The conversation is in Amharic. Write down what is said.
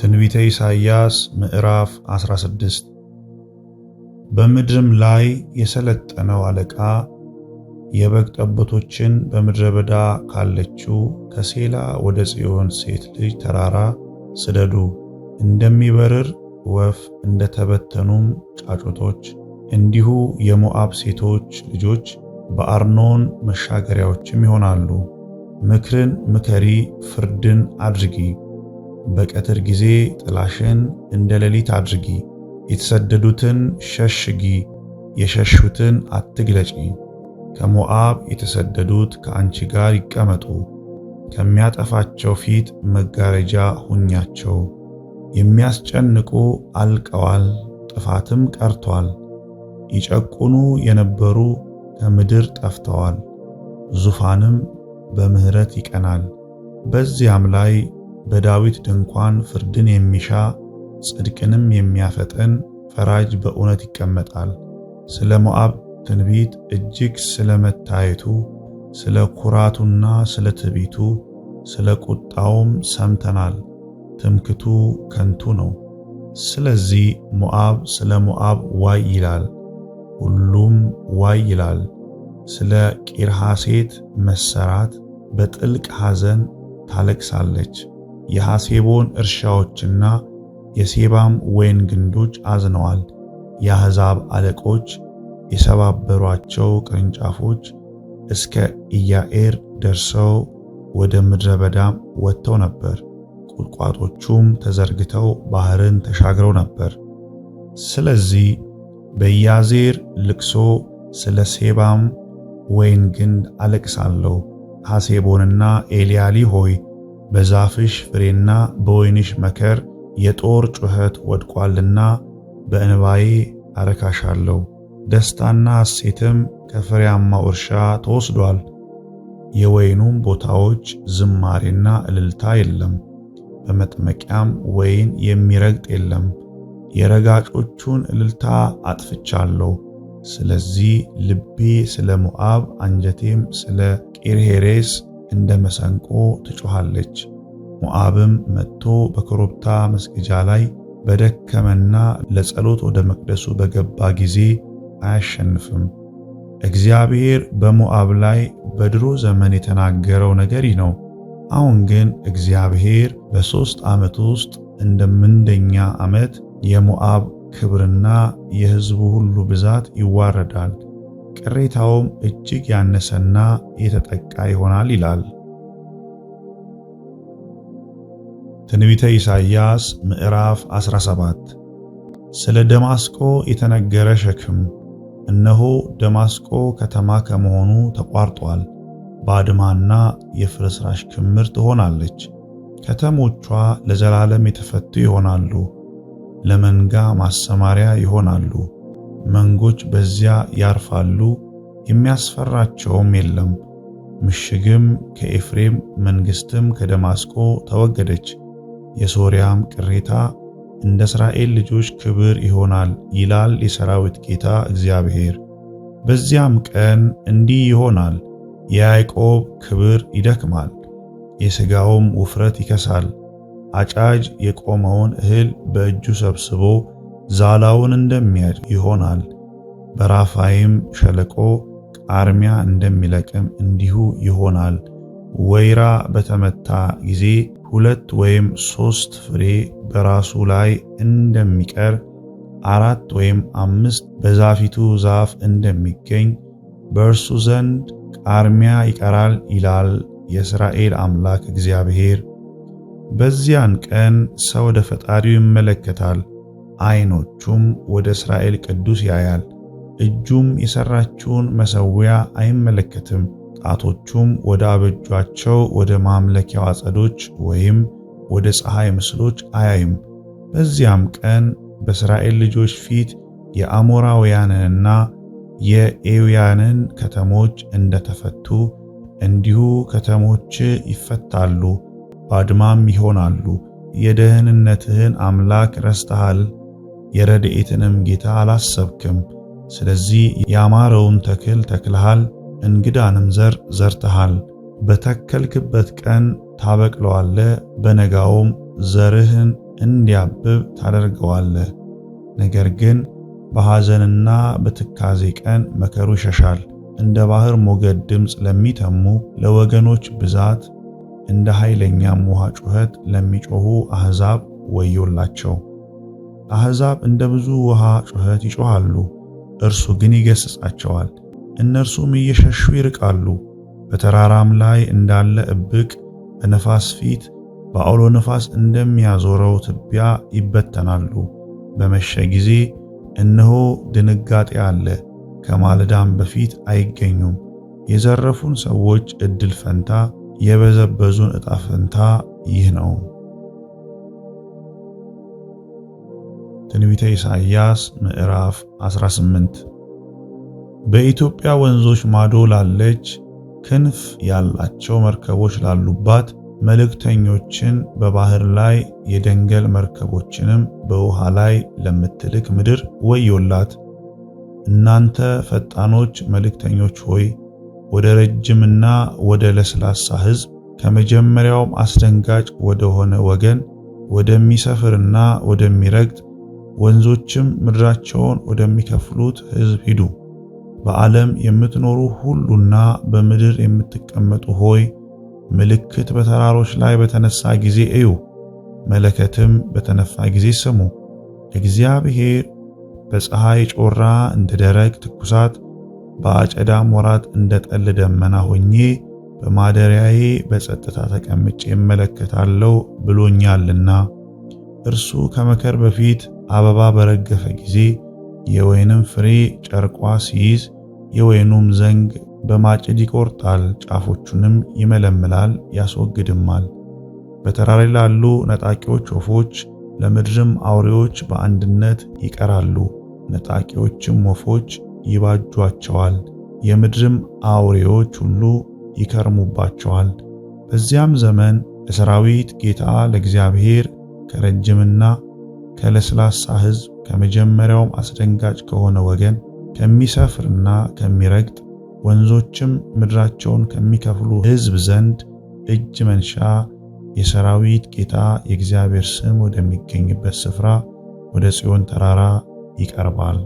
ትንቢተ ኢሳይያስ ምዕራፍ 16 በምድርም ላይ የሰለጠነው አለቃ የበግ ጠቦቶችን በምድረ በዳ ካለችው ከሴላ ወደ ጽዮን ሴት ልጅ ተራራ ስደዱ፣ እንደሚበርር ወፍ እንደተበተኑም ጫጩቶች እንዲሁ የሞዓብ ሴቶች ልጆች በአርኖን መሻገሪያዎችም ይሆናሉ። ምክርን ምከሪ፣ ፍርድን አድርጊ በቀትር ጊዜ ጥላሽን እንደ ሌሊት አድርጊ፣ የተሰደዱትን ሸሽጊ፣ የሸሹትን አትግለጪ። ከሞዓብ የተሰደዱት ከአንቺ ጋር ይቀመጡ፣ ከሚያጠፋቸው ፊት መጋረጃ ሁኛቸው። የሚያስጨንቁ አልቀዋል፣ ጥፋትም ቀርቷል። ይጨቁኑ የነበሩ ከምድር ጠፍተዋል። ዙፋንም በምሕረት ይቀናል፣ በዚያም ላይ በዳዊት ድንኳን ፍርድን የሚሻ ጽድቅንም የሚያፈጥን ፈራጅ በእውነት ይቀመጣል። ስለ ሞዓብ ትንቢት እጅግ ስለ መታየቱ፣ ስለ ኩራቱና ስለ ትቢቱ፣ ስለ ቁጣውም ሰምተናል። ትምክቱ ከንቱ ነው። ስለዚህ ሞዓብ ስለ ሞዓብ ዋይ ይላል፣ ሁሉም ዋይ ይላል። ስለ ቂርሐሴት መሰራት በጥልቅ ሐዘን ታለቅሳለች። የሐሴቦን እርሻዎችና የሴባም ወይን ግንዶች አዝነዋል። የአሕዛብ አለቆች የሰባበሯቸው ቅርንጫፎች እስከ ኢያኤር ደርሰው ወደ ምድረ በዳም ወጥተው ነበር። ቁጥቋጦቹም ተዘርግተው ባህርን ተሻግረው ነበር። ስለዚህ በኢያዜር ልቅሶ ስለ ሴባም ወይን ግንድ አለቅሳለሁ። ሐሴቦንና ኤልያሊ ሆይ በዛፍሽ ፍሬና በወይንሽ መከር የጦር ጩኸት ወድቋልና በእንባዬ አረካሻለሁ። ደስታና ሐሴትም ከፍሬያማው እርሻ ተወስዷል። የወይኑም ቦታዎች ዝማሬና እልልታ የለም፣ በመጥመቂያም ወይን የሚረግጥ የለም። የረጋጮቹን እልልታ አጥፍቻለሁ። ስለዚህ ልቤ ስለ ሞዓብ አንጀቴም ስለ ቂርሄሬስ እንደ መሰንቆ ትጮኻለች። ሞዓብም መጥቶ በኮረብታ መስገጃ ላይ በደከመና ለጸሎት ወደ መቅደሱ በገባ ጊዜ አያሸንፍም። እግዚአብሔር በሞዓብ ላይ በድሮ ዘመን የተናገረው ነገር ይህ ነው። አሁን ግን እግዚአብሔር በሦስት ዓመት ውስጥ እንደ ምንደኛ ዓመት የሞዓብ ክብርና የሕዝቡ ሁሉ ብዛት ይዋረዳል፣ ቅሬታውም እጅግ ያነሰና የተጠቃ ይሆናል ይላል። ትንቢተ ኢሳይያስ ምዕራፍ 17 ስለ ደማስቆ የተነገረ ሸክም። እነሆ ደማስቆ ከተማ ከመሆኑ ተቋርጧል፣ ባድማና የፍርስራሽ ክምር ትሆናለች። ከተሞቿ ለዘላለም የተፈቱ ይሆናሉ፣ ለመንጋ ማሰማሪያ ይሆናሉ። መንጎች በዚያ ያርፋሉ፣ የሚያስፈራቸውም የለም። ምሽግም ከኤፍሬም መንግስትም ከደማስቆ ተወገደች። የሶርያም ቅሬታ እንደ እስራኤል ልጆች ክብር ይሆናል ይላል የሰራዊት ጌታ እግዚአብሔር። በዚያም ቀን እንዲህ ይሆናል፣ የያዕቆብ ክብር ይደክማል፣ የሥጋውም ውፍረት ይከሳል። አጫጅ የቆመውን እህል በእጁ ሰብስቦ ዛላውን እንደሚያጭ ይሆናል። በራፋይም ሸለቆ ቃርሚያ እንደሚለቅም እንዲሁ ይሆናል። ወይራ በተመታ ጊዜ ሁለት ወይም ሶስት ፍሬ በራሱ ላይ እንደሚቀር አራት ወይም አምስት በዛፊቱ ዛፍ እንደሚገኝ በእርሱ ዘንድ ቃርሚያ ይቀራል ይላል የእስራኤል አምላክ እግዚአብሔር። በዚያን ቀን ሰው ወደ ፈጣሪው ይመለከታል፣ ዓይኖቹም ወደ እስራኤል ቅዱስ ያያል፣ እጁም የሰራችውን መሠዊያ አይመለከትም። ጣቶቹም ወደ አበጇቸው ወደ ማምለኪያው አጸዶች ወይም ወደ ፀሐይ ምስሎች አያይም። በዚያም ቀን በእስራኤል ልጆች ፊት የአሞራውያንንና የኤውያንን ከተሞች እንደተፈቱ እንዲሁ ከተሞች ይፈታሉ፣ ባድማም ይሆናሉ። የደህንነትህን አምላክ ረስተሃል፣ የረድኤትንም ጌታ አላሰብክም። ስለዚህ ያማረውን ተክል ተክልሃል እንግዳንም ዘር ዘርተሃል፣ በተከልክበት ቀን ታበቅለዋለህ፣ በነጋውም ዘርህን እንዲያብብ ታደርገዋለህ። ነገር ግን በሐዘንና በትካዜ ቀን መከሩ ይሸሻል። እንደ ባህር ሞገድ ድምፅ ለሚተሙ ለወገኖች ብዛት፣ እንደ ኃይለኛም ውሃ ጩኸት ለሚጮኹ አሕዛብ ወዮላቸው። አሕዛብ እንደ ብዙ ውሃ ጩኸት ይጮኻሉ፣ እርሱ ግን ይገሥጻቸዋል። እነርሱም እየሸሹ ይርቃሉ። በተራራም ላይ እንዳለ እብቅ በነፋስ ፊት በአውሎ ነፋስ እንደሚያዞረው ትቢያ ይበተናሉ። በመሸ ጊዜ እነሆ ድንጋጤ አለ፣ ከማለዳም በፊት አይገኙም። የዘረፉን ሰዎች እድል ፈንታ፣ የበዘበዙን እጣ ፈንታ ይህ ነው። ትንቢተ ኢሳይያስ ምዕራፍ 18 በኢትዮጵያ ወንዞች ማዶ ላለች ክንፍ ያላቸው መርከቦች ላሉባት መልእክተኞችን በባህር ላይ የደንገል መርከቦችንም በውሃ ላይ ለምትልክ ምድር ወዮላት። እናንተ ፈጣኖች መልእክተኞች ሆይ ወደ ረጅምና ወደ ለስላሳ ሕዝብ ከመጀመሪያውም አስደንጋጭ ወደ ሆነ ወገን ወደሚሰፍርና ወደሚረግጥ ወንዞችም ምድራቸውን ወደሚከፍሉት ሕዝብ ሂዱ። በዓለም የምትኖሩ ሁሉና በምድር የምትቀመጡ ሆይ ምልክት በተራሮች ላይ በተነሳ ጊዜ እዩ፣ መለከትም በተነፋ ጊዜ ስሙ። እግዚአብሔር በፀሐይ ጮራ እንደ ደረቅ ትኩሳት በአጨዳም ወራት እንደ ጠል ደመና ሆኜ በማደሪያዬ በጸጥታ ተቀምጬ እመለከታለሁ ብሎኛልና። እርሱ ከመከር በፊት አበባ በረገፈ ጊዜ የወይንም ፍሬ ጨርቋ ሲይዝ የወይኑም ዘንግ በማጭድ ይቆርጣል፣ ጫፎቹንም ይመለምላል፣ ያስወግድማል። በተራራ ላሉ ነጣቂዎች ወፎች ለምድርም አውሬዎች በአንድነት ይቀራሉ። ነጣቂዎችም ወፎች ይባጇቸዋል፣ የምድርም አውሬዎች ሁሉ ይከርሙባቸዋል። በዚያም ዘመን ለሰራዊት ጌታ ለእግዚአብሔር ከረጅምና ከለስላሳ ሕዝብ ከመጀመሪያውም አስደንጋጭ ከሆነ ወገን ከሚሰፍርና ከሚረግጥ ወንዞችም ምድራቸውን ከሚከፍሉ ሕዝብ ዘንድ እጅ መንሻ የሰራዊት ጌታ የእግዚአብሔር ስም ወደሚገኝበት ስፍራ ወደ ጽዮን ተራራ ይቀርባል።